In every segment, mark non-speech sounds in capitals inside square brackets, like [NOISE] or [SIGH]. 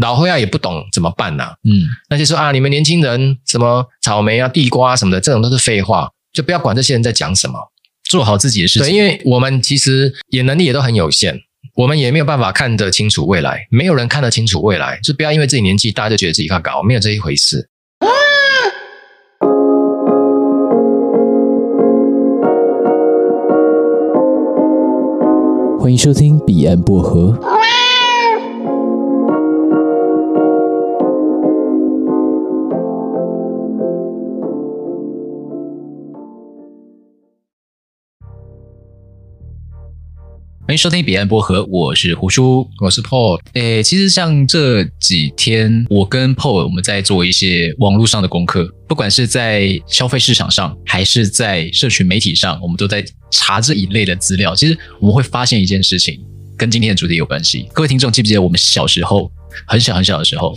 老會啊，也不懂怎麼辦吶？啊。嗯，那些說啊，你們年輕人什麼草莓啊、地瓜、啊、什麼的，這種都是廢話，就不要管這些人在講什麼，做好自己的事情。對，因為我們其實也能力也都很有限，我們也沒有辦法看得清楚未來，沒有人看得清楚未來，就不要因為自己年紀大就覺得自己看高，沒有這一回事，啊。歡迎收聽彼岸薄荷。歡迎收聽彼岸薄荷，我是胡叔，我是 Paul。誒、欸，其實像這幾天，我跟 Paul，我們在做一些網絡上的功課，不管是在消費市場上，還是在社群媒體上，我們都在查這一類的資料。其實我們會發現一件事情，跟今天的主題有關係。各位聽眾，記不記得我們小時候？很小很小的時候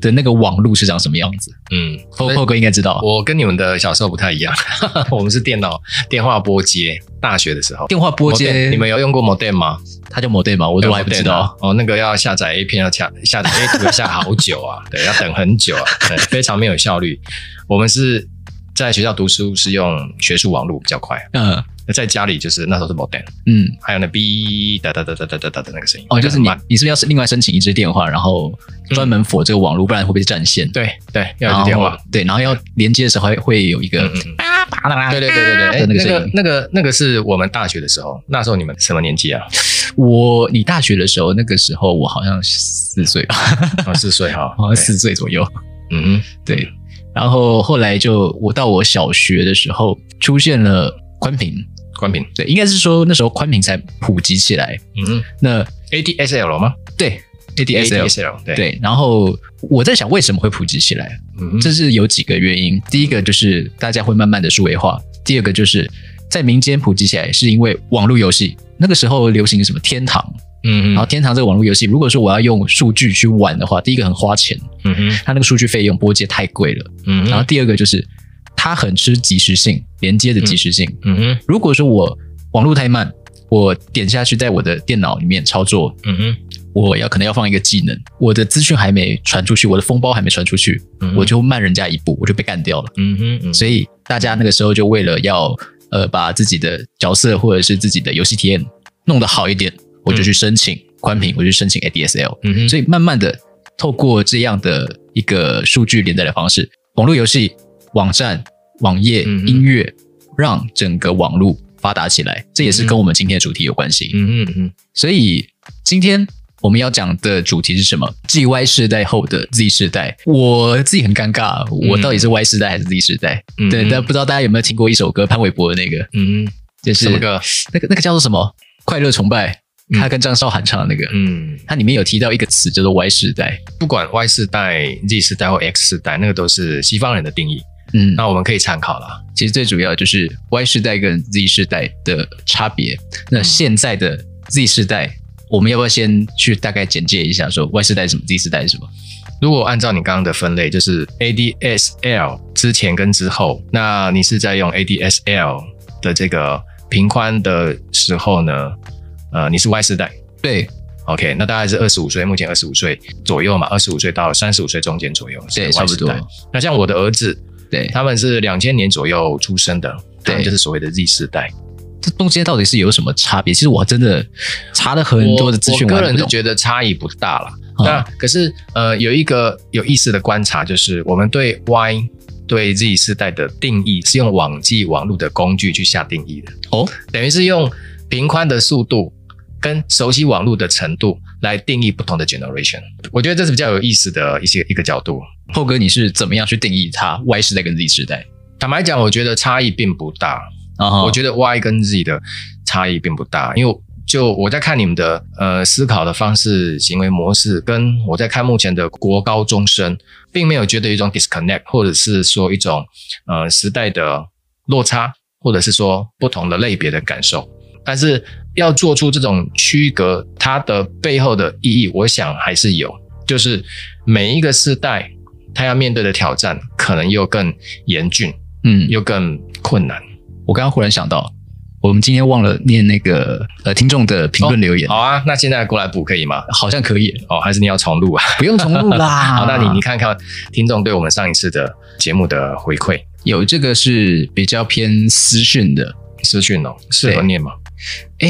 的 [LAUGHS] 那個網絡是長什麼樣子？嗯，後哥應該知道。我跟你們的小時候不太一樣， [LAUGHS] [LAUGHS] 我們是電腦、電話撥接。大學的時候，電話撥接。Modem, 你們有用過 Modem 嗎？它叫 Modem 嗎？我都還不知道 yeah, Modem 啊。哦，那個要下載 A 片，要下下載 A 圖，要下好久啊！ [LAUGHS] 對，要等很久啊，對，非常沒有效率。我們是。在學校讀書是用學術網路比較快，嗯，在家裡就是那時候是 modem，嗯，還有那嗶噠噠噠噠噠噠噠的那個聲音，哦，就是你你是不是要是另外申請一支電話，然後專門 for 這個網路，嗯、不然會被占線。對對，要一支電話，對，然後要連接的時候會有一個噠噠噠，對對對對對，欸、那個聲音那個那個那個是我們大學的時候，那時候你們什麼年紀啊？我你大學的時候，那個時候我好像四歲，啊、 [LAUGHS] 哦，四歲哈，好像四歲左右，嗯，對。然後後來就我到我小學的時候出現了寬頻，寬頻對，應該是說那時候寬頻才普及起來。嗯，嗯，那 ADSL 嗎？對，ADSL，對，對，然後我在想為什麼會普及起來？嗯，嗯，這是有幾個原因，第一個就是大家會慢慢的數位化，第二個就是在民間普及起來是因為網絡遊戲，那個時候流行什麼天堂。嗯，然後天堂這個網絡遊戲，如果說我要用數據去玩的話，第一個很花錢，嗯哼，它那個數據費用撥接太貴了，嗯，然後第二個就是它很吃即時性，連接的即時性，嗯，嗯哼，如果說我網絡太慢，我點下去在我的電腦裡面操作，嗯哼，我要可能要放一個技能，我的資訊還沒傳出去，我的封包還沒傳出去，嗯，我就慢人家一步，我就被幹掉了，嗯哼，嗯哼，所以大家那個時候就為了要呃把自己的角色或者是自己的遊戲體驗弄得好一點。我就去申請寬屏，我去申請 ADSL，、嗯、所以慢慢的透過這樣的一個數據連帶的方式，網絡遊戲、網站、網頁、嗯、音樂，讓整個網絡發達起來、嗯。這也是跟我們今天的主題有關係。嗯嗯嗯。所以今天我們要講的主題是什麼 g Y 時代後的 Z 時代，我自己很尷尬，我到底是 Y 時代還是 Z 時代、嗯？對，但不知道大家有沒有聽過一首歌，潘瑋柏的那個？嗯，這、就是什麼歌？那個那個叫做什麼？快樂崇拜。嗯、他跟張韶涵唱的那個，嗯，它裡面有提到一個詞，叫做 Y 世代。不管 Y 世代、Z 世代或 X 世代，那個都是西方人的定義。嗯，那我們可以參考啦。其實最主要就是 Y 世代跟 Z 世代的差別。那現在的 Z 世代、嗯，我們要不要先去大概簡介一下，說 Y 世代是什麼，Z 世代是什麼？如果按照你剛剛的分類，就是 ADSL 之前跟之後，那你是在用 ADSL 的這個頻寬的時候呢？呃，你是 Y 世代，對，OK，那大概是二十五歲，目前二十五歲左右嘛，二十五歲到三十五歲中間左右是 Y 世代，對，差不多。那像我的兒子，對，他們是兩千年左右出生的，對，就是所謂的 Z 世代。這中間到底是有什麼差別？其實我真的查了很多的資訊，我我，我個人都覺得差異不大了、啊。那可是，呃，有一個有意思的觀察，就是我們對 Y 對 Z 世代的定義是用網際網絡的工具去下定義的，哦，等於是用頻寬的速度。跟熟悉網絡的程度來定義不同的 generation，我覺得這是比較有意思的一些一個角度。厚哥，你是怎麼樣去定義它 Y 時代跟 Z 時代？坦白講，我覺得差異並不大。Uh-huh. 我覺得 Y 跟 Z 的差異並不大，因為就我在看你們的呃思考的方式、行為模式，跟我在看目前的國高中生，並沒有覺得有一種 disconnect，或者是說一種呃時代的落差，或者是說不同的類別的感受，但是。要做出這種區隔，它的背後的意義，我想還是有，就是每一個世代，他要面對的挑戰可能又更嚴峻，嗯，又更困難。我剛剛忽然想到，我們今天忘了念那個呃聽眾的評論留言。哦，好啊，那現在過來補可以嗎？好像可以哦，還是你要重錄啊？不用重錄啦。 [LAUGHS] 好，那你你看看聽眾對我們上一次的節目的回饋，有這個是比較偏私訊的私訊哦，適合念嗎？哎，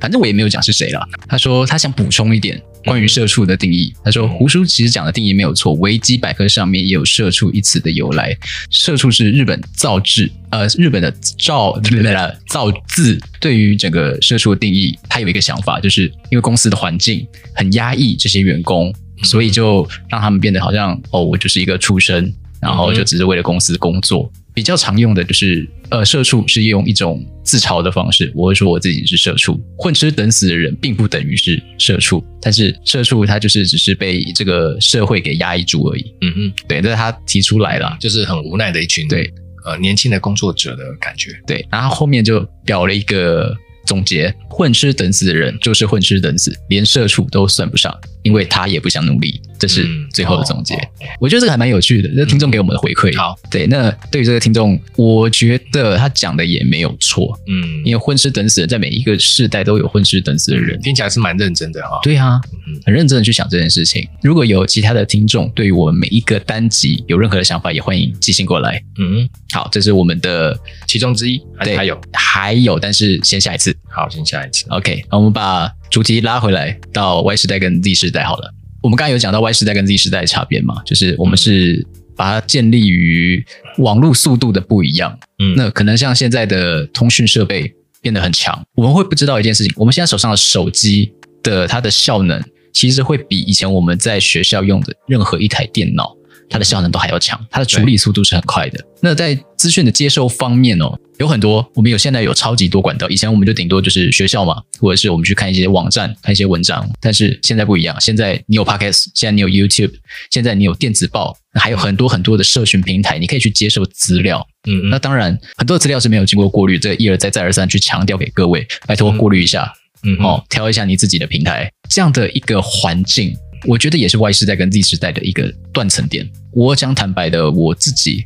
反正我也沒有講是誰了。他說他想補充一點關於社畜的定義。嗯、他說胡叔其實講的定義沒有錯，維基百科上面也有社畜一詞的由來。社畜是日本造字，呃，日本的造，對對，造字對於整個社畜的定義，他有一個想法，就是因為公司的環境很壓抑，這些員工、嗯，所以就讓他們變得好像哦，我就是一個畜生，然後就只是為了公司工作。比較常用的就是，呃，社畜是用一種自嘲的方式，我會說我自己是社畜，混吃等死的人並不等於是社畜，但是社畜他就是只是被這個社會給壓抑住而已。嗯嗯，對，那他提出來了，就是很無奈的一群，對，呃，年輕的工作者的感覺，對，然後後面就表了一個總結，混吃等死的人就是混吃等死，連社畜都算不上。因為他也不想努力，這是最後的總結，嗯哦。我覺得這個還蠻有趣的，這聽眾給我們的回饋，嗯。好，對，那對於這個聽眾，我覺得他講的也沒有錯。嗯，因為混吃等死人，在每一個世代都有混吃等死的人，嗯，聽起來是蠻認真的哈、哦。對啊，很認真的去想這件事情。如果有其他的聽眾對於我們每一個單集有任何的想法，也歡迎寄信過來。嗯，好，這是我們的其中之一，對，還有，還有，但是先下一次。好，接下一次 OK，那我們把主題拉回來到 Y 時代跟 Z 時代好了。我們剛剛有講到 Y 時代跟 Z 時代的差別嘛，就是我們是把它建立於網絡速度的不一樣。嗯，那可能像現在的通訊設備變得很強，我們會不知道一件事情。我們現在手上的手機的它的效能，其實會比以前我們在學校用的任何一台電腦。它的效能都還要強，它的處理速度是很快的。那在資訊的接收方面哦，有很多，我們有現在有超級多管道。以前我們就頂多就是學校嘛，或者是我們去看一些網站、看一些文章。但是現在不一樣，現在你有 Podcast，現在你有 YouTube，現在你有電子報，還有很多很多的社群平台，你可以去接受資料。嗯嗯。那當然，很多的資料是沒有經過過濾，這個一而再再而三去強調給各位，拜托過濾一下，嗯嗯，哦，挑一下你自己的平台，這樣的一個環境，我覺得也是 Y 世代跟 Z 世代的一個斷層點。我講坦白的，我自己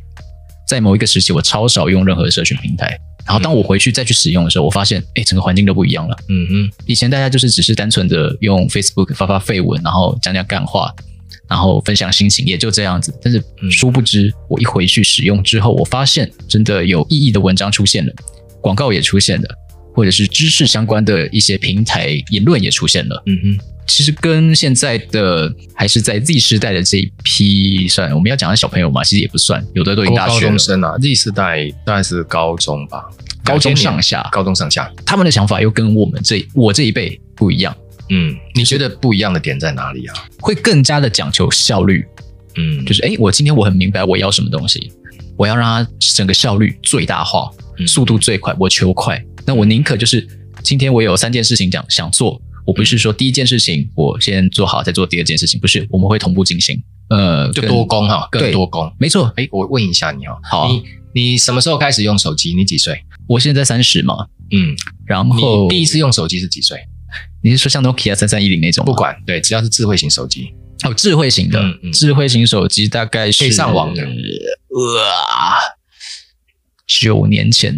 在某一個時期，我超少用任何社群平台。然後當我回去再去使用的時候，我發現，哎，整個環境都不一樣了。嗯，以前大家就是只是單純的用 Facebook 發發廢文，然後講講幹話，然後分享心情，也就這樣子。但是殊不知，我一回去使用之後，我發現真的有意義的文章出現了，廣告也出現了，或者是知識相關的一些平台言論也出現了。嗯哼。其實跟現在的還是在 Z 世代的這一批，算我們要講的小朋友嘛，其實也不算，有的都已經大學生了。Z 世、啊、代當然是高中吧，高中上，上下，高中上下，他們的想法又跟我們這我這一輩不一樣。嗯、就是，你覺得不一樣的點在哪裡啊？會更加的講求效率。嗯，就是哎、欸，我今天我很明白我要什麼東西，我要讓它整個效率最大化，嗯，速度最快，我求快。那我寧可就是今天我有三件事情講，想做。我不是說第一件事情我先做好，再做第二件事情，不是，我們會同步進行。呃，就多工哈、啊，更多工對，沒錯。誒我問一下你哦，你好、啊，你你什麼時候開始用手機？你幾歲？我現在三十嘛，嗯，然後第一、嗯、第一次用手機是幾歲？你是說像諾基亞三三一零那種？不管，對，只要是智慧型手機哦，智慧型的、嗯嗯，智慧型手機大概是可以上網的，哇、呃、九、呃、年前，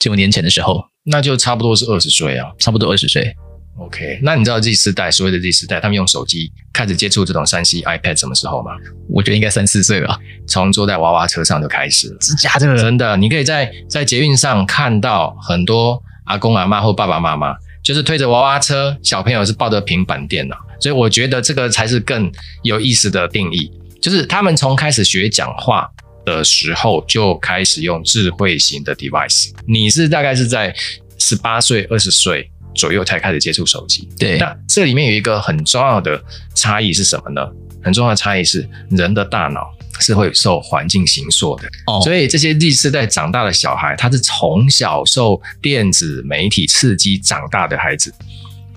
九年前的時候，那就差不多是二十歲啊，差不多二十歲。OK，那你知道這時代所謂的這時代，他們用手機開始接觸這種 3C iPad 什麼時候嗎？我覺得應該三四歲了，從坐在娃娃車上就開始了。真的、假的？真的？你可以在在捷運上看到很多阿公阿媽或爸爸媽媽，就是推着娃娃車，小朋友是抱着平板電腦。所以我覺得這個才是更有意思的定義，就是他們從開始學講話的時候就開始用智慧型的 device。你是大概是在十八歲、二十歲？左右才開始接觸手機。對，那這裡面有一個很重要的差異是什麼呢？很重要的差異是，人的大腦是會受環境形塑的。哦，所以這些 Z 世代長大的小孩，他是從小受電子媒體刺激長大的孩子。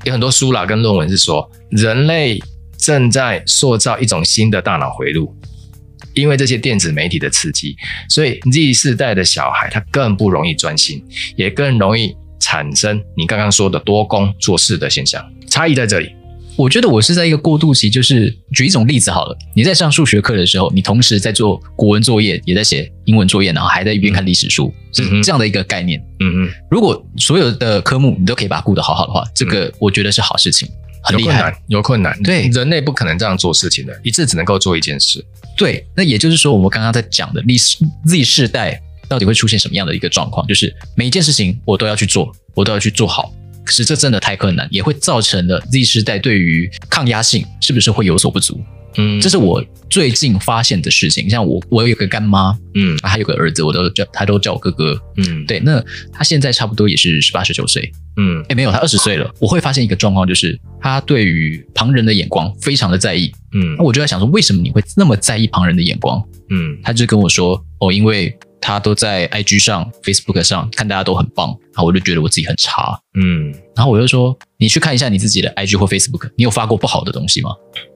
有很多書啦跟論文是說，人類正在塑造一種新的大腦回路，因為這些電子媒體的刺激，所以 Z 世代的小孩他更不容易專心，也更容易。產生你剛剛說的多工做事的現象，差異在這裡。我覺得我是在一個過渡期，就是舉一種例子好了。你在上數學課的時候，你同時在做國文作業，也在寫英文作業，然後還在一邊看歷史書，嗯、是這樣的一個概念。嗯嗯。如果所有的科目你都可以把它顧得好好的話，這個我覺得是好事情，嗯、很厲害有。有困難，對，人類不可能這樣做事情的，一次只能夠做一件事。對，那也就是說我們剛剛在講的歷史 Z 世代。到底會出現什麼樣的一個狀況？就是每一件事情我都要去做，我都要去做好。可是這真的太困難，也會造成了 Z 世代對於抗壓性是不是會有所不足？嗯，這是我最近發現的事情。像我，我有個乾媽，嗯，還有個兒子，我都叫他都叫我哥哥。嗯，對。那他現在差不多也是十八十九歲。嗯，哎，沒有，他二十歲了。我會發現一個狀況，就是他對於旁人的眼光非常的在意。嗯，那我就在想說，為什麼你會那麼在意旁人的眼光？嗯，他就跟我說：“哦，因為。”他都在 IG 上、Facebook 上看，大家都很棒，然後我就覺得我自己很差。嗯，然後我就說，你去看一下你自己的 IG 或 Facebook，你有發過不好的東西嗎？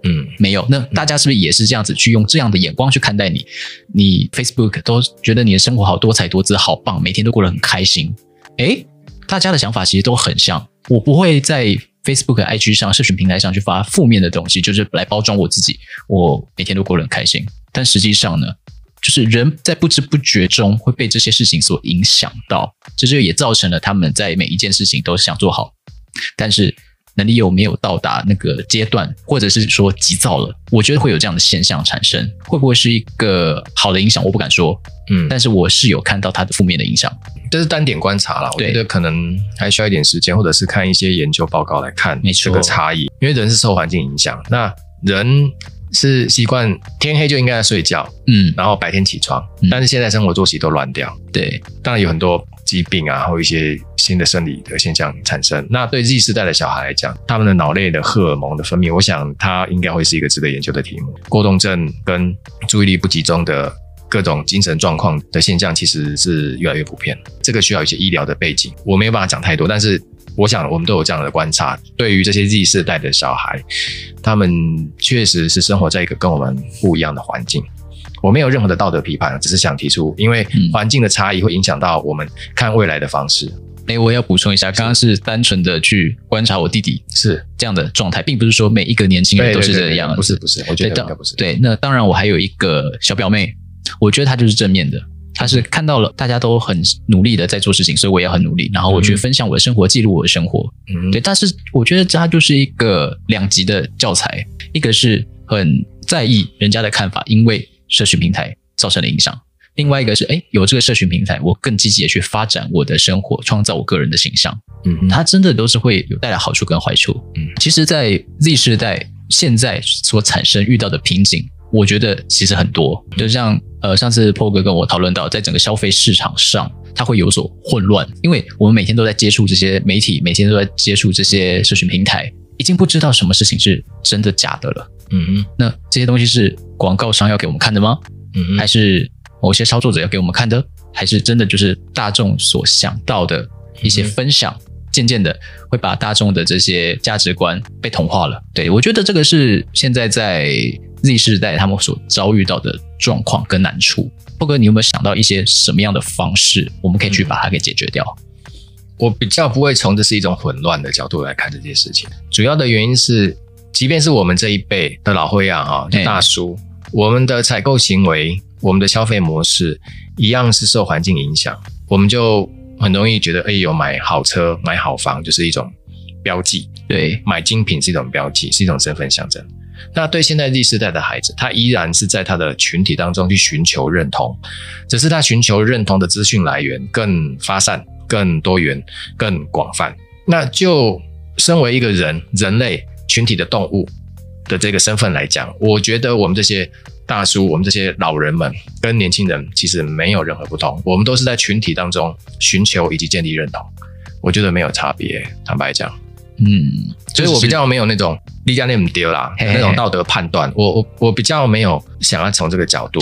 嗯，沒有。那大家是不是也是這樣子、嗯、去用這樣的眼光去看待你？你 Facebook 都覺得你的生活好多彩多姿，好棒，每天都過得很開心。誒，大家的想法其實都很像。我不會在 Facebook、IG 上社群平台上去發負面的東西，就是來包裝我自己。我每天都過得很開心，但實際上呢？就是人在不知不覺中會被這些事情所影響到，這就是、也造成了他們在每一件事情都想做好，但是能力又沒有到達那個階段，或者是說急躁了。我覺得會有這樣的現象產生，會不會是一個好的影響？我不敢說，嗯，但是我是有看到它的負面的影響，這是單點觀察了。我覺得可能還需要一點時間，或者是看一些研究報告來看這個差異，因為人是受環境影響，那人。是習慣天黑就應該要睡覺，嗯，然後白天起床，嗯，但是現在生活作息都亂掉，對，嗯，當然有很多疾病啊，或一些新的生理的現象產生。那對 Z 世代的小孩來講，他們的腦內的荷爾蒙的分泌，我想它應該會是一個值得研究的題目。過動症跟注意力不集中的各種精神狀況的現象，其實是越來越普遍。這個需要一些醫療的背景，我沒有辦法講太多，但是。我想，我們都有這樣的觀察。對於這些 Z 世代的小孩，他們確實是生活在一個跟我們不一樣的環境。我沒有任何的道德批判，只是想提出，因為環境的差異會影響到我們看未來的方式。哎、嗯欸，我要補充一下，剛剛是單純的去觀察我弟弟是這樣的狀態，並不是說每一個年輕人都是這樣的。對對對對。不是不是，我覺得不是。對。對，那當然，我還有一個小表妹，我覺得她就是正面的。他是看到了大家都很努力的在做事情，所以我也很努力。然後我去分享我的生活、嗯，記錄我的生活。嗯，對，但是我覺得這它就是一個兩極的教材，一個是很在意人家的看法，因為社群平台造成的影響，另外一個是，哎，有這個社群平台，我更積極的去發展我的生活，創造我個人的形象。嗯，它真的都是會有帶來好處跟壞處。嗯，其實，在 Z 世代現在所產生遇到的瓶頸。我覺得其實很多，就像呃，上次破哥跟我討論到，在整個消費市場上，它會有所混亂，因為我們每天都在接觸這些媒體，每天都在接觸這些社群平台，已經不知道什麼事情是真的假的了。嗯、mm、嗯 -hmm.，那這些東西是廣告商要給我們看的嗎？嗯嗯，還是某些操作者要給我們看的？還是真的就是大眾所想到的一些分享，mm-hmm. 漸漸的會把大眾的這些價值觀被同化了。對，我覺得這個是現在在。自己世代他們所遭遇到的狀況跟難處，波哥，你有沒有想到一些什麼樣的方式，我們可以去把它給解決掉？嗯、我比較不會從這是一種混亂的角度來看這件事情，主要的原因是，即便是我們這一輩的老灰啊、欸、大叔，我們的採購行為，我們的消費模式，一樣是受環境影響，我們就很容易覺得，哎、欸、呦，有買好車、買好房就是一種標記，對，買精品是一種標記，是一種身份象徵。那對現在第四代的孩子，他依然是在他的群體當中去尋求認同，只是他尋求認同的資訊來源更發散、更多元、更廣泛。那就身為一個人、人類群體的動物的這個身份來講，我覺得我們這些大叔、我們這些老人們跟年輕人其實沒有任何不同，我們都是在群體當中尋求以及建立認同，我覺得沒有差別。坦白講。嗯，所以我比較沒有那種利家，那麼丟啦嘿嘿嘿，那種道德判斷，我我我比較沒有想要從這個角度，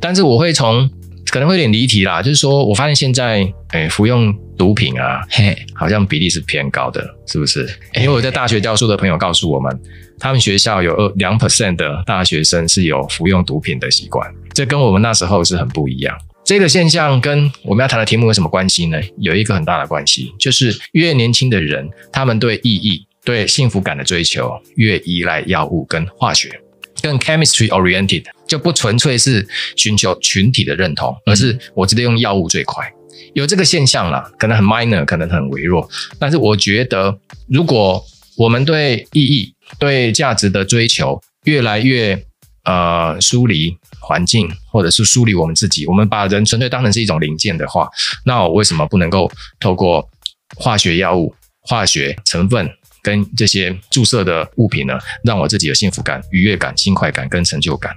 但是我會從可能會有點離題啦，就是說，我發現現在誒、欸，服用毒品啊嘿嘿，好像比例是偏高的，是不是？因為我在大學教書，的朋友告訴我們嘿嘿嘿，他們學校有2%兩 percent 的大學生是有服用毒品的習慣，這跟我們那時候是很不一樣。這個現象跟我們要談的題目有什麼關係呢？有一個很大的關係，就是越年輕的人，他們對意義、對幸福感的追求越依賴藥物跟化學，跟 chemistry oriented，就不純粹是尋求群體的認同，而是我直接用藥物最快。嗯、有這個現象了，可能很 minor，可能很微弱，但是我覺得，如果我們對意義、對價值的追求越來越……呃，梳理環境，或者是梳理我們自己。我們把人純粹當成是一種零件的話，那我為什麼不能夠透過化學藥物、化學成分跟這些注射的物品呢，讓我自己有幸福感、愉悅感、輕快感跟成就感？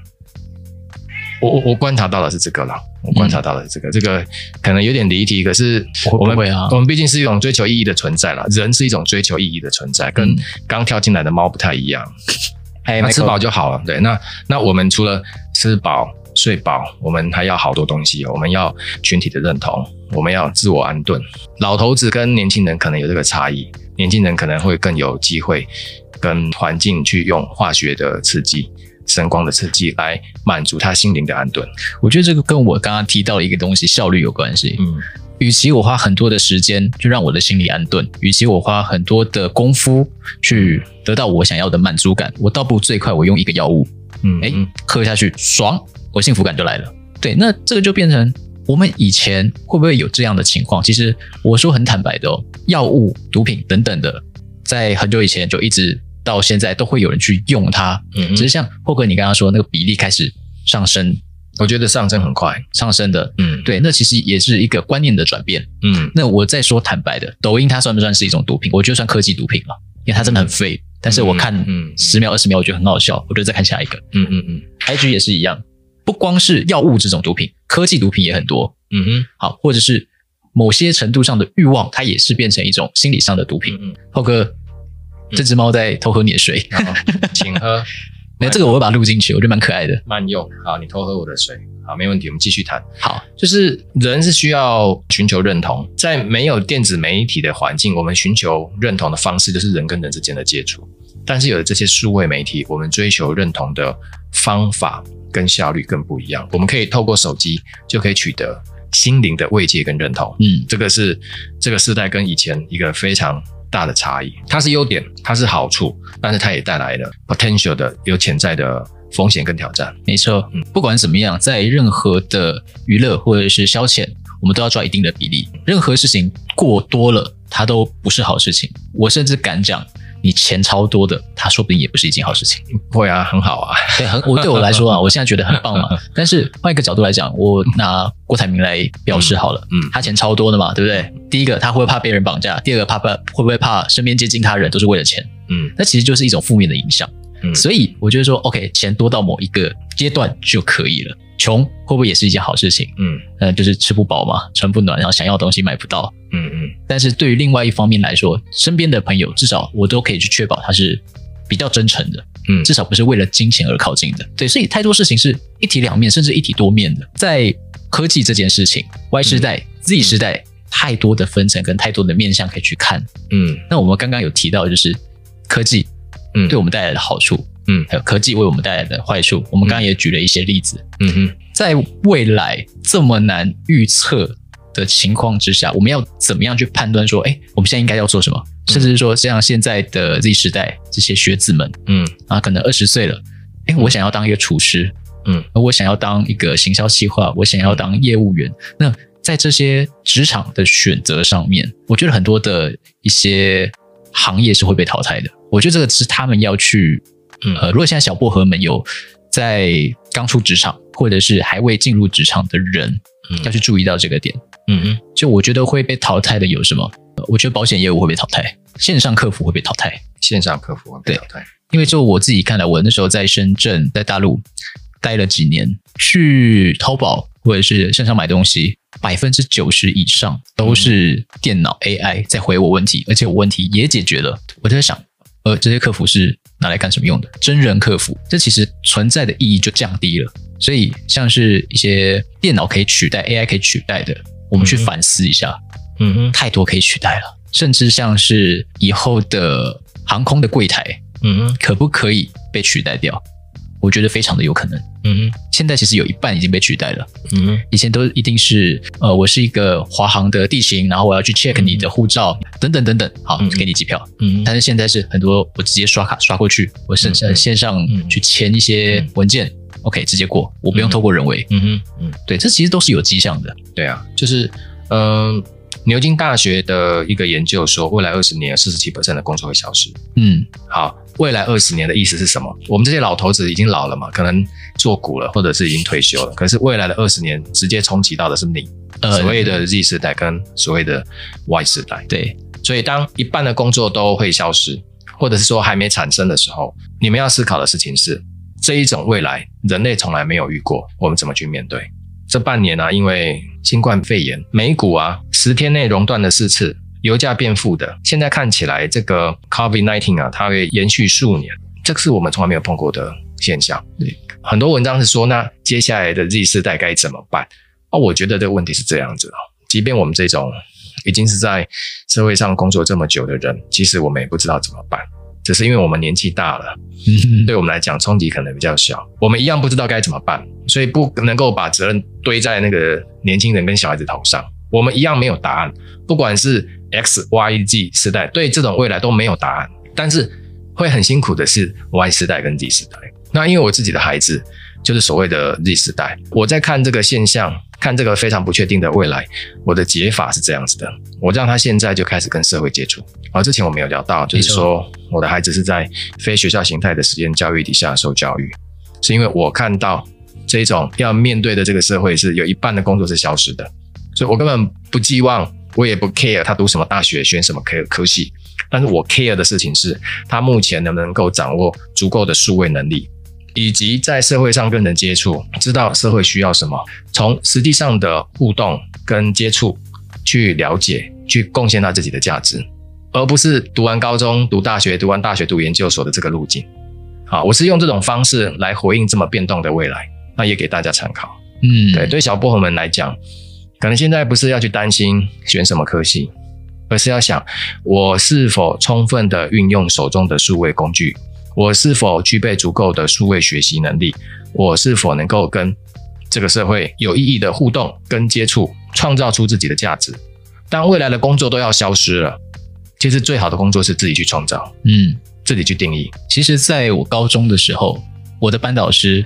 我我我觀察到的是這個了，我觀察到的是這個是、這個嗯。這個可能有點離題，可是我們我，會會、啊、我們畢竟是一種追求意義的存在了。人是一種追求意義的存在，跟剛跳進來的貓不太一樣。嗯 [LAUGHS] 哎、hey，那吃飽就好了。對，那那我們除了吃飽睡飽，我們還要好多東西。我們要群體的認同，我們要自我安頓。老頭子跟年輕人可能有這個差異，年輕人可能會更有機會跟環境去用化學的刺激、聲光的刺激來滿足他心靈的安頓。我覺得這個跟我剛剛提到的一個東西效率有關係。嗯。與其我花很多的時間去讓我的心理安頓，與其我花很多的功夫去得到我想要的滿足感，我倒不如最快我用一個藥物，嗯、嗯，哎、欸，喝下去爽，我幸福感就來了。對，那這個就變成我們以前會不會有這樣的情況？其實我說很坦白的哦，藥物、毒品等等的，在很久以前就一直到現在都會有人去用它，嗯、嗯，只是像霍哥你剛剛說那個比例開始上升，我覺得上升很快，上升的，嗯，對，那其實也是一個觀念的轉變，嗯，那我再說坦白的，抖音它算不算是一種毒品？我覺得算科技毒品了，因為它真的很廢、嗯。但是我看，嗯，十秒二十秒，我覺得很好笑，我覺得再看下一個，嗯嗯嗯，嗯，IG 也是一樣，不光是藥物這種毒品，科技毒品也很多，嗯嗯，好，或者是某些程度上的慾望，它也是變成一種心理上的毒品。嗯，浩、嗯、哥，嗯、這隻貓在偷喝你的水， [LAUGHS] 請喝。那、欸、這個我會把它錄進去，我覺得蠻可愛的。慢用，好，你偷喝我的水，好，沒問題，我們繼續談。好，就是人是需要尋求認同，在沒有電子媒體的環境，我們尋求認同的方式就是人跟人之間的接觸。但是有了這些數位媒體，我們追求認同的方法跟效率更不一樣。我們可以透過手機就可以取得心靈的慰藉跟認同。嗯，這個是這個時代跟以前一個非常大的差異，它是優點，它是好處，但是它也帶來了 potential 的，有潛在的風險跟挑戰。沒錯，嗯，不管怎麼樣，在任何的娛樂或者是消遣，我們都要抓一定的比例。任何事情過多了，它都不是好事情。我甚至敢講。你錢超多的，他說不定也不是一件好事情。會啊，很好啊，對很我對我來說啊， [LAUGHS] 我現在覺得很棒嘛。但是換一個角度來講，我拿郭台銘來表示好了，嗯，嗯他錢超多的嘛，對不對？第一個，他會怕被人綁架，第二個，怕怕會不會怕身邊接近他人都是為了錢？嗯，那其實就是一種負面的影響。嗯，所以我覺得說，嗯，OK，錢多到某一個階段就可以了。窮會不會也是一件好事情？嗯，呃，就是吃不飽嘛，穿不暖，然後想要的東西買不到。嗯嗯。但是對於另外一方面來說，身邊的朋友至少我都可以去確保他是比較真誠的。嗯，至少不是為了金錢而靠近的。對，所以太多事情是一體兩面，甚至一體多面的。在科技這件事情，Y 世代，嗯，Z 世代，嗯，太多的分層跟太多的面向可以去看。嗯，那我們剛剛有提到的就是科技，嗯，對我們帶來的好處。嗯，還有科技為我們帶來的壞處，我們剛剛也舉了一些例子。嗯哼，在未來這麼難預測的情況之下，我們要怎麼樣去判斷說，哎，我們現在應該要做什麼？甚至是說，像現在的 Z 世代這些學子們，嗯啊，可能二十歲了，哎，我想要當一個廚師，嗯，我想要當一個行銷企劃，我想要當業務員。那在這些職場的選擇上面，我覺得很多的一些行業是會被淘汰的。我覺得這個是他們要去。嗯、呃，如果現在小薄荷們有在剛出職場或者是還未進入職場的人，嗯，要去注意到這個點。嗯嗯，就我覺得會被淘汰的有什麼？我覺得保險業務會被淘汰，線上客服會被淘汰。線上客服會被淘汰，因為就我自己看來，我那時候在深圳在大陸待了幾年，去淘寶或者是線上買東西，百分之九十以上都是電腦 AI 在回我問題，嗯、而且我問題也解決了。我就在想。呃，這些客服是拿來幹什麼用的？真人客服，這其實存在的意義就降低了。所以，像是一些電腦可以取代，AI 可以取代的，我們去反思一下。嗯嗯，太多可以取代了，甚至像是以後的航空的櫃檯，嗯嗯，可不可以被取代掉？我覺得非常的有可能，嗯，現在其實有一半已經被取代了，嗯，以前都一定是，呃，我是一個華航的地勤，然後我要去 check 你的護照，等等等等，好，給你機票，嗯，但是現在是很多我直接刷卡刷過去，我甚至線上去簽一些文件，OK，直接過，我不用透過人為，嗯嗯，對，這其實都是有跡象的，對啊，就是，嗯，牛津大學的一個研究說，未來二十年四十七%的工作會消失，嗯，好。未來二十年的意思是什麼？我們這些老頭子已經老了嘛，可能做股了，或者是已經退休了。可是未來的二十年，直接衝擊到的是你，呃、所謂的 Z 世代跟所謂的 Y 世代。對，所以當一半的工作都會消失，或者是說還沒產生的時候，你們要思考的事情是這一種未來人類從來沒有遇過，我們怎麼去面對？這半年呢、啊，因為新冠肺炎，美股啊，十天內熔斷了四次。油價變負的，現在看起來這個 COVID-19 啊，它會延續數年，這是我們從來沒有碰過的現象。對，很多文章是說，那接下來的 Z 世代該怎麼辦？啊、哦，我覺得這個問題是這樣子哦。即便我們這種已經是在社會上工作這麼久的人，其實我們也不知道怎麼辦，只是因為我們年紀大了， [LAUGHS] 對我們來講衝擊可能比較小。我們一樣不知道該怎麼辦，所以不能夠把責任堆在那個年輕人跟小孩子頭上。我們一樣沒有答案，不管是。X、Y、Z 時代對這種未來都沒有答案，但是會很辛苦的是 Y 時代跟 Z 時代。那因為我自己的孩子就是所謂的 Z 時代，我在看這個現象，看這個非常不確定的未來，我的解法是這樣子的：我讓他現在就開始跟社會接觸。而之前我沒有聊到，就是說我的孩子是在非學校形態的實驗教育底下受教育，是因為我看到這種要面對的這個社會是有一半的工作是消失的，所以我根本不寄望。我也不 care 他讀什麼大學，選什麼科科系，但是我 care 的事情是他目前能不能夠掌握足夠的數位能力，以及在社會上跟人接觸，知道社會需要什麼，從實際上的互動跟接觸去了解，去貢獻他自己的價值，而不是讀完高中、讀大學、讀完大學讀研究所的這個路徑。好，我是用這種方式來回應這麼變動的未來，那也給大家參考。嗯，對，對小薄荷們來講。可能現在不是要去擔心選什麼科系，而是要想，我是否充分的運用手中的數位工具，我是否具備足夠的數位學習能力，我是否能夠跟這個社會有意義的互動跟接觸，創造出自己的價值。當未來的工作都要消失了，其實最好的工作是自己去創造，嗯，自己去定義。其實，在我高中的時候，我的班導師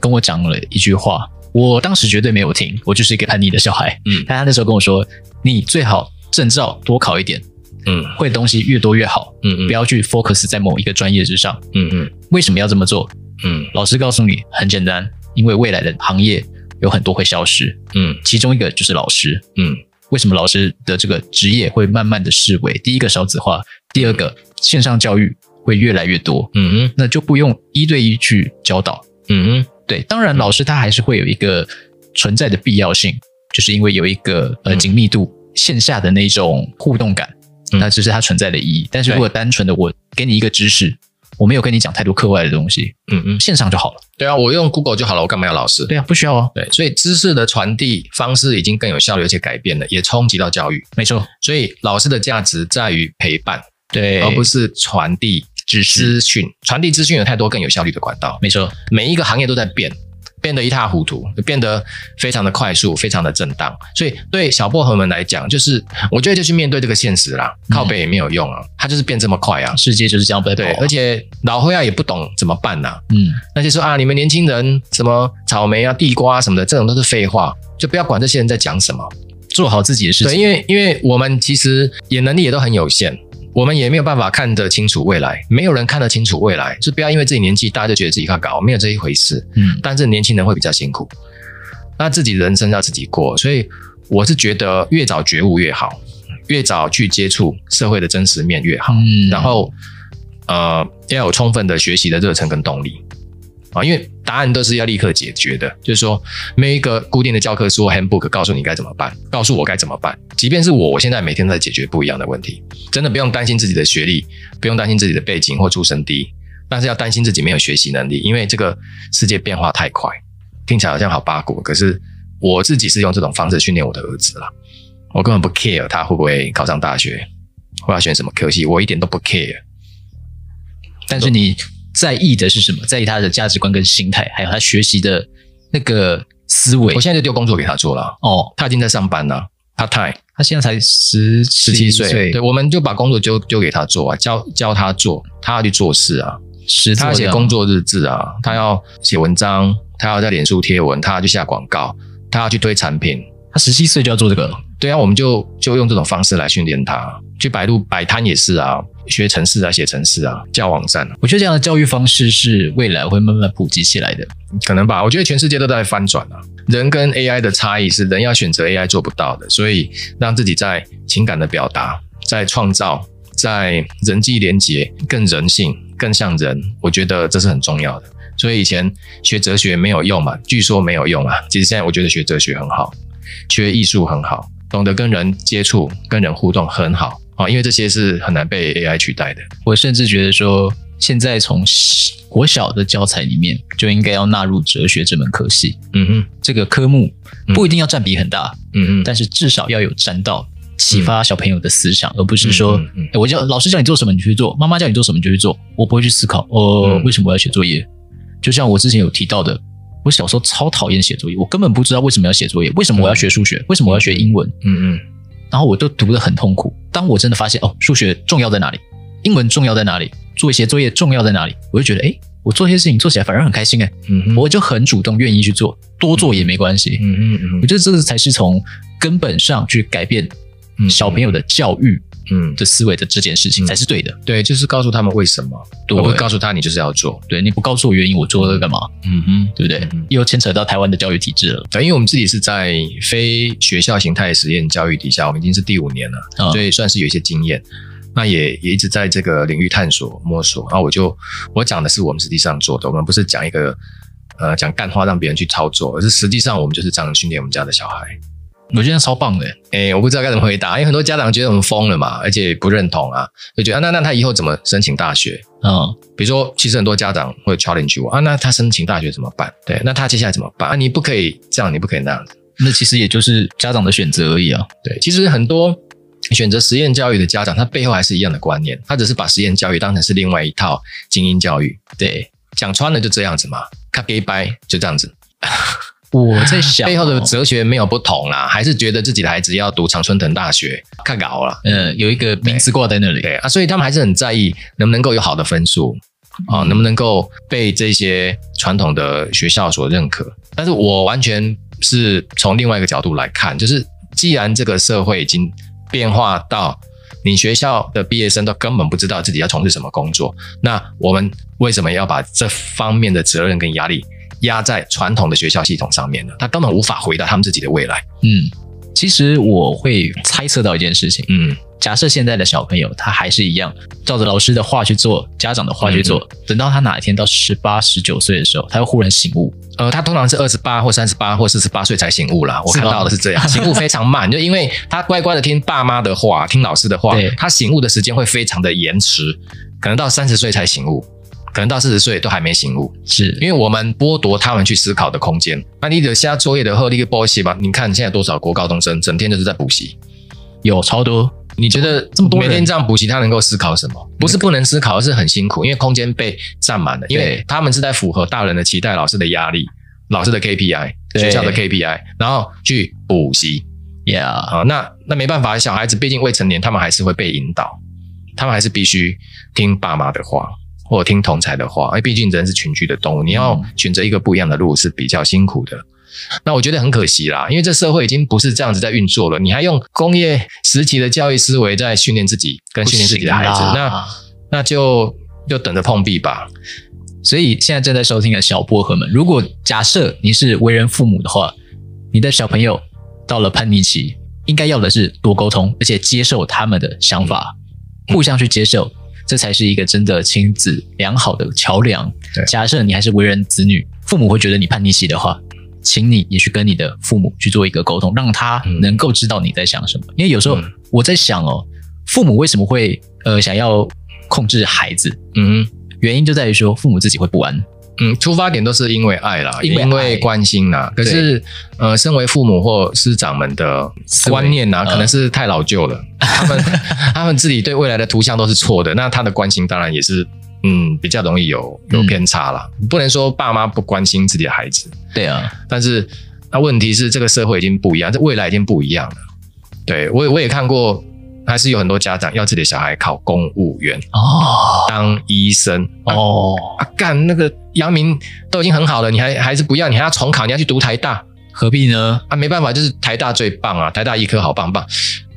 跟我講了一句話。我當時絕對沒有聽，我就是一個叛逆的小孩。嗯，但他那時候跟我說：“你最好證照多考一點，嗯，會東西越多越好嗯，嗯，不要去 focus 在某一個專業之上，嗯嗯。為什麼要這麼做？嗯，老師告訴你，很簡單，因為未來的行業有很多會消失，嗯，其中一個就是老師，嗯，為什麼老師的這個職業會慢慢的式微？第一個少子化，第二個、嗯、線上教育會越來越多，嗯嗯，那就不用一對一去教導，嗯。嗯”對，當然，老師他還是會有一個存在的必要性，嗯、就是因為有一個呃緊密度、嗯、線下的那種互動感，那、嗯、這是他存在的意義。但是如果單純的我給你一個知識，我沒有跟你講太多課外的東西，嗯嗯，線上就好了。對啊，我用 Google 就好了，我幹嘛要老師？對啊，不需要哦。對，所以知識的傳遞方式已經更有效率，而且改變了，也衝擊到教育。沒錯，所以老師的價值在於陪伴，對，而不是傳遞。是資訊傳遞，資訊有太多更有效率的管道。沒錯，每一個行業都在變，變得一塌糊塗，就變得非常的快速，非常的震盪。所以對小薄荷們來講，就是我覺得就去面對這個現實啦，靠北也沒有用啊，它就是變這麼快啊，嗯、世界就是這樣被、啊。對，而且老灰啊也不懂怎麼辦吶、啊，嗯，那就說啊，你們年輕人什麼草莓啊、地瓜、啊、什麼的，這種都是廢話，就不要管這些人在講什麼，做好自己的事情。對，因為因為我們其實也能力也都很有限。我們也沒有辦法看得清楚未來，沒有人看得清楚未來，就不要因為自己年紀大就覺得自己高高，沒有這一回事。嗯，但是年輕人會比較辛苦，那自己人生要自己過，所以我是覺得越早覺悟越好，越早去接觸社會的真實面越好。嗯，然後呃要有充分的學習的熱忱跟動力。啊，因為答案都是要立刻解決的，就是說，沒有一個固定的教科書、handbook 告訴你該怎麼辦，告訴我該怎麼辦。即便是我，我現在每天都在解決不一樣的問題，真的不用擔心自己的學歷，不用擔心自己的背景或出身低，但是要擔心自己沒有學習能力，因為這個世界變化太快。聽起來好像好八股，可是我自己是用這種方式訓練我的兒子了，我根本不 care 他會不會考上大學，我要選什麼科系，我一點都不 care。但是你。在意的是什麼？在意他的價值觀跟心態，還有他學習的那個思維。我現在就丟工作給他做了哦，他已經在上班了。他太，他現在才十十七歲，十七歲，對，我們就把工作丟丟給他做啊，教教他做，他要去做事啊，他要寫工作日誌啊，他要寫文章，他要在臉書貼文，他要去下廣告，他要去推產品。他十七歲就要做這個了，對啊，我們就就用這種方式來訓練他、啊、去擺路擺攤也是啊，學程式啊，寫程式啊，教網站、啊。我覺得這樣的教育方式是未來會慢慢普及起來的，可能吧？我覺得全世界都在翻轉啊。人跟 AI 的差異是人要選擇 AI 做不到的，所以讓自己在情感的表達、在創造、在人際連接更人性、更像人，我覺得這是很重要的。所以以前學哲學沒有用嘛？據說沒有用啊，其實現在我覺得學哲學很好。學藝術很好，懂得跟人接觸、跟人互動很好啊，因為這些是很難被 AI 取代的。我甚至覺得說，現在從國小的教材裡面就應該要納入哲學這門科系。嗯，這個科目不一定要占比很大，嗯嗯，但是至少要有占到啟發小朋友的思想，嗯、而不是說，嗯嗯嗯欸、我叫老師叫你做什麼你就去做，媽媽叫你做什麼你就去做，我不會去思考哦、嗯，為什麼我要寫作業。就像我之前有提到的。我小時候超討厭寫作業，我根本不知道為什麼要寫作業，為什麼我要學數學，嗯、為什麼我要學英文，嗯嗯，然後我就讀得很痛苦。當我真的發現哦，數學重要在哪裡，英文重要在哪裡，做一些作業重要在哪裡，我就覺得哎，我做些事情做起來反而很開心哎、嗯嗯，我就很主動願意去做，多做也沒關係，嗯嗯，嗯，嗯，我覺得這個才是從根本上去改變小朋友的教育。嗯嗯嗯嗯嗯，的思維的這件事情才是對的。對，就是告訴他們為什麼。我、嗯、會告訴他，你就是要做。對，對你不告訴我原因，我做這個幹嘛？嗯嗯哼，對不對，嗯？又牽扯到台灣的教育體制了。反正因為我們自己是在非學校形態實驗教育底下，我們已經是第五年了，嗯、所以算是有一些經驗。那也也一直在這個領域探索摸索。然後我就我講的是我們實際上做的，我們不是講一個呃講幹話讓別人去操作，而是實際上我們就是這樣訓練我們家的小孩。我覺得超棒的。欸，哎、欸，我不知道該怎麼回答，因為很多家長覺得我們瘋了嘛，而且不認同啊，就覺得那那他以後怎麼申請大學？嗯，比如說，其實很多家長會 challenge 我啊，那他申請大學怎麼辦？對，那他接下來怎麼辦？啊，你不可以這樣，你不可以那樣，那其實也就是家長的選擇而已啊。對，其實很多選擇實驗教育的家長，他背後還是一樣的觀念，他只是把實驗教育當成是另外一套精英教育。對，講穿了就這樣子嘛，他給掰就這樣子。 [LAUGHS] 我在想、哦、背後的哲學沒有不同啦、啊，還是覺得自己的孩子要讀常春藤大學，看稿了。嗯、呃，有一個名字掛在那裡對。對啊，所以他們還是很在意能不能夠有好的分數啊、嗯，能不能夠被這些傳統的學校所認可。但是我完全是從另外一個角度來看，就是既然這個社會已經變化到你學校的畢業生都根本不知道自己要從事什麼工作，那我們為什麼要把這方面的責任跟壓力壓在傳統的學校系統上面的，他根本無法回到他們自己的未來。嗯，其實我會猜測到一件事情。嗯，假設現在的小朋友他還是一樣照着老師的話去做，家長的話去做，嗯、等到他哪一天到十八、十九歲的時候，他會忽然醒悟。呃，他通常是二十八或三十八或四十八歲才醒悟啦。我看到的是這樣，醒悟非常慢， [LAUGHS] 就因為他乖乖的聽爸媽的話，聽老師的話，他醒悟的時間會非常的延遲，可能到三十歲才醒悟。可能到四十歲都還沒醒悟，是因為我們剝奪他們去思考的空間。那你留下作業的後立刻補習吧。你看現在多少國高中生整天就是在補習，有超多。你覺得這麼多每天這樣補習，他能夠思考什麼？不是不能思考，而是很辛苦，因為空間被占滿了。因為他們是在符合大人的期待、老師的壓力、老師的 KPI、學校的 KPI，然後去補習。Yeah 好那那沒辦法，小孩子畢竟未成年，他們還是會被引導，他們還是必須聽爸媽的話。或者聽同才的話，哎，畢竟人是群居的動物，你要選擇一個不一樣的路是比較辛苦的，嗯。那我覺得很可惜啦，因為這社會已經不是這樣子在運作了，你還用工業時期的教育思維在訓練自己跟訓練自己的孩子，啊，那那就就等着碰壁吧。所以現在正在收聽的小薄荷們，如果假設你是為人父母的話，你的小朋友到了叛逆期，應該要的是多溝通，而且接受他們的想法，嗯，互相去接受。這才是一個真的親子良好的橋樑。假設你還是為人子女，父母會覺得你叛逆期的話，請你也去跟你的父母去做一個溝通，讓他能夠知道你在想什麼。嗯、因為有時候我在想哦，父母為什麼會呃想要控制孩子？嗯哼，原因就在於說父母自己會不安。嗯，出發點都是因為愛啦，因為關心啦。可是，呃，身為父母或師長們的觀念吶、啊嗯，可能是太老舊了、嗯。他們 [LAUGHS] 他們自己對未來的圖像都是錯的。那他的關心當然也是，嗯，比較容易有有偏差啦、嗯。不能說爸媽不關心自己的孩子。對啊，但是那、啊、問題是，這個社會已經不一樣，這未來已經不一樣了。對，我我也看過，還是有很多家長要自己的小孩考公務員哦，當醫生、啊、哦，幹、啊、那個。陽明都已經很好了，你還還是不要？你還要重考？你要去讀台大？何必呢？啊，沒辦法，就是台大最棒啊！台大醫科好棒棒。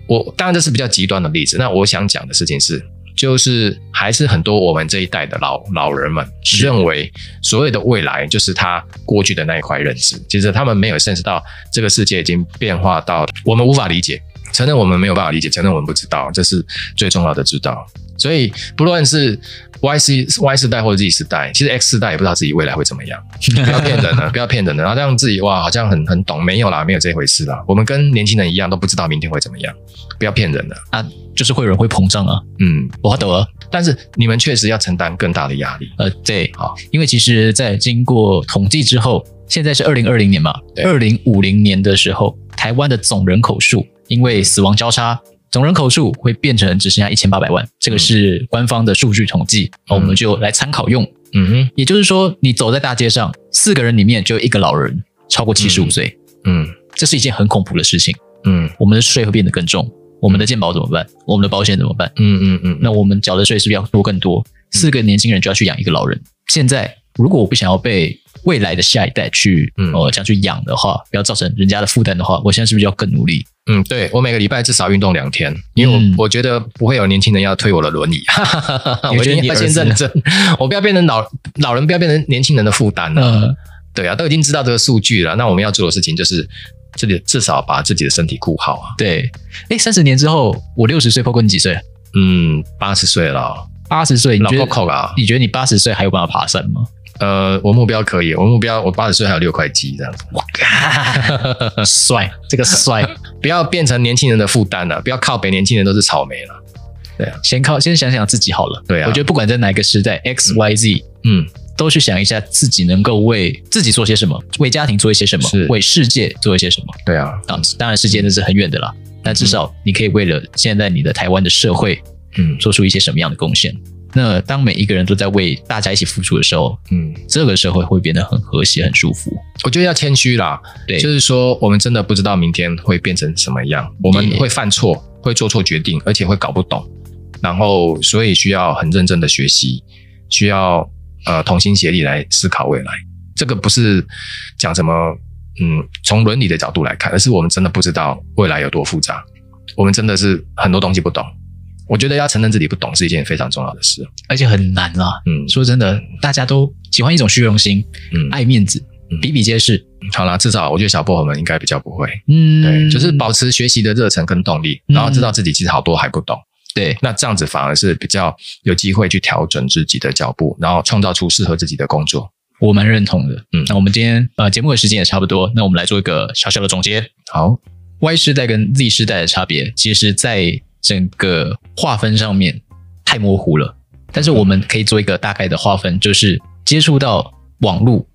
我當然這是比較極端的例子。那我想講的事情是，就是還是很多我們這一代的老老人們認為所謂的未來就是他過去的那一塊認知。其實他們沒有認識到這個世界已經變化到我們無法理解。承認我們沒有辦法理解，承認我們不知道，這是最重要的知道。所以不論是 Y 世 Y 世代或者 Z 世代，其實 X 世代也不知道自己未來會怎麼樣。不要騙人了，不要騙人了。 [LAUGHS] 然後讓自己哇，好像很很懂，沒有啦，沒有這回事啦。我們跟年輕人一樣，都不知道明天會怎麼樣。不要騙人了啊，就是會有人會膨脹啊。嗯，我懂啊。但是你們確實要承擔更大的壓力。呃，對，好，因為其實，在經過統計之後，現在是二零二零年嘛，二零五零年的時候，台灣的總人口數因為死亡交叉。總人口數會變成只剩下一千八百萬，這個是官方的數據統計，嗯、我們就來參考用。嗯，也就是說，你走在大街上，四個人裡面就一個老人，超過七十五歲嗯。嗯，這是一件很恐怖的事情。嗯，我們的稅會變得更重，嗯、我們的健保怎麼辦？我們的保險怎麼辦？嗯嗯嗯，那我們繳的稅是不是要多更多？四個年輕人就要去養一個老人。現在，如果我不想要被未來的下一代去呃這樣去養的話，不要造成人家的負擔的話，我現在是不是要更努力？嗯，對，我每個禮拜至少運動兩天，因為我我覺得不會有年輕人要推我的輪椅，哈哈哈哈哈。 [LAUGHS] 我覺得你要先認真， [LAUGHS] 我不要變成老老人，不要變成年輕人的負擔了，嗯。對啊，都已經知道這個數據了，那我們要做的事情就是自己至少把自己的身體顧好啊。對，誒三十年之後，我六十歲破過你幾歲？嗯，八十歲了。八十歲，你覺得你覺得你八十歲還有辦法爬山嗎？呃，我目標可以，我目標我八十歲還有六塊肌這樣子，哇，帥！ [LAUGHS] 這個帥，不要變成年輕人的負擔了，不要靠北，年輕人都是草莓了。對啊，先靠先想想自己好了。對啊，我覺得不管在哪一個時代，X Y Z，嗯，嗯，嗯，都去想一下自己能夠為自己做些什麼，為家庭做一些什麼，為世界做一些什麼。對啊，當當然世界那是很遠的啦，嗯，但至少你可以為了現在你的台灣的社會，嗯，做出一些什麼樣的貢獻。那當每一個人都在為大家一起付出的時候，嗯，這個社會會變得很和諧、嗯、很舒服。我覺得要謙虛啦，對，就是說我們真的不知道明天會變成什麼樣，我們會犯錯，yeah. 會做錯決定，而且會搞不懂，然後所以需要很認真的學習，需要呃同心協力來思考未來。這個不是講什麼嗯從倫理的角度來看，而是我們真的不知道未來有多複雜，我們真的是很多東西不懂。我覺得要承認自己不懂是一件非常重要的事，而且很難啊。嗯，說真的、嗯，大家都喜歡一種虛榮心，嗯，愛面子，嗯、比比皆是。好啦，至少我覺得小薄荷們應該比較不會。嗯，對，就是保持學習的熱忱跟動力，嗯、然後知道自己其實好多還不懂、嗯。對，那這樣子反而是比較有機會去調整自己的腳步，然後創造出適合自己的工作。我蠻認同的。嗯，那我們今天呃節目的時間也差不多，那我們來做一個小小的總結。好，Y 世代跟 Z 世代的差別，其實，在整個劃分上面太模糊了，但是我們可以做一個大概的劃分，就是接觸到網絡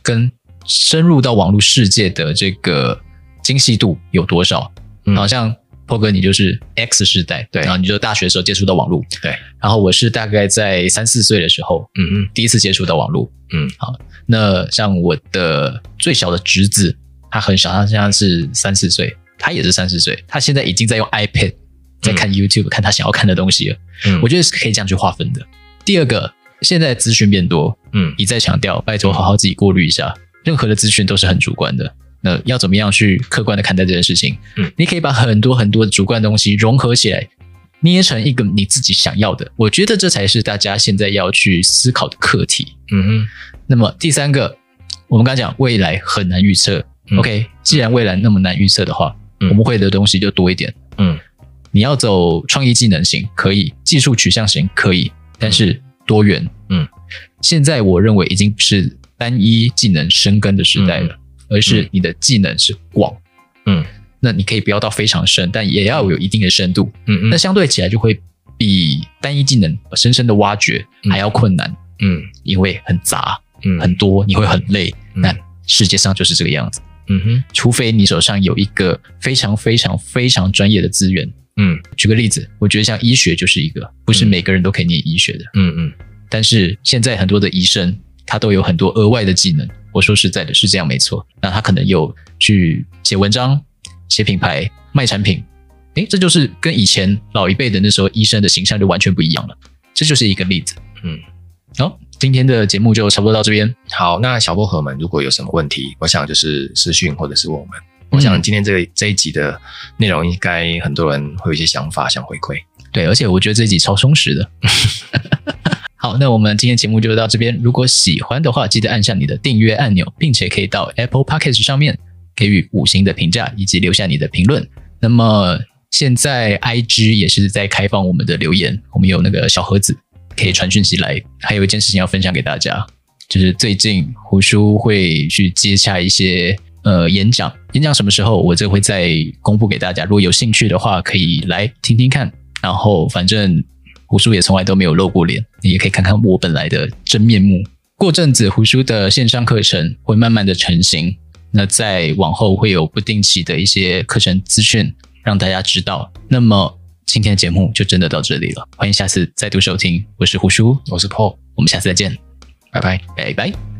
跟深入到網絡世界的這個精細度有多少。嗯，好像破哥你就是 X 世代，對，然後你就大學的時候接觸到網絡，對，然後我是大概在三四歲的時候，嗯嗯，第一次接觸到網絡嗯，嗯，好，那像我的最小的侄子，他很小，他現在是三四歲，他也是三四歲，他現在已經在用 iPad。在看 YouTube、嗯、看他想要看的東西了。嗯，我覺得是可以這樣去劃分的。第二個，現在資訊變多，嗯，一再強調，拜托好好自己過濾一下、嗯，任何的資訊都是很主觀的。那要怎麼樣去客觀的看待這件事情？嗯，你可以把很多很多的主觀的東西融合起來，捏成一個你自己想要的。我覺得這才是大家現在要去思考的課題。嗯哼。那麼第三個，我們剛講未來很難預測、嗯。OK，既然未來那麼難預測的話、嗯，我們會的東西就多一點。嗯。你要走創意技能型可以，技術取向型可以，但是多元，嗯，現在我認為已經不是單一技能深耕的時代了、嗯，而是你的技能是廣，嗯，那你可以不要到非常深，但也要有一定的深度，嗯嗯，那相對起來就會比單一技能深深的挖掘還要困難，嗯，因為很雜，嗯，很多，你會很累，但、嗯、世界上就是這個樣子，嗯哼，除非你手上有一個非常非常非常專業的資源。.嗯，舉個例子，我覺得像醫學就是一個，不是每個人都可以念醫學的。嗯嗯，嗯，但是現在很多的醫生，他都有很多額外的技能。我說實在的，是這樣沒錯。那他可能有去寫文章、寫品牌、賣產品，誒、欸，這就是跟以前老一輩的那時候醫生的形象就完全不一樣了。這就是一個例子。嗯，好，今天的節目就差不多到這邊。好，那小薄荷們如果有什麼問題，我想就是私訊或者是我們。我想今天這個、嗯、這一集的內容，應該很多人會有一些想法想回饋。對，而且我覺得這一集超充實的。 [LAUGHS] 好，那我們今天節目就到這邊。如果喜歡的話，記得按下你的訂閱按鈕，並且可以到 Apple Podcast 上面給予五星的評價以及留下你的評論。那麼現在 IG 也是在開放我們的留言，我們有那個小盒子可以傳訊息來。還有一件事情要分享給大家，就是最近胡叔會去接洽一些。呃，演講，演講什麼時候？我這會再公布給大家。如果有興趣的話，可以來聽聽看。然後，反正胡叔也從來都沒有露過臉，你也可以看看我本來的真面目。過陣子，胡叔的線上課程會慢慢的成型。那再往後會有不定期的一些課程資訊讓大家知道。那麼今天的節目就真的到這裡了，歡迎下次再度收聽。我是胡叔，我是 Paul，我們下次再見，拜拜，拜拜。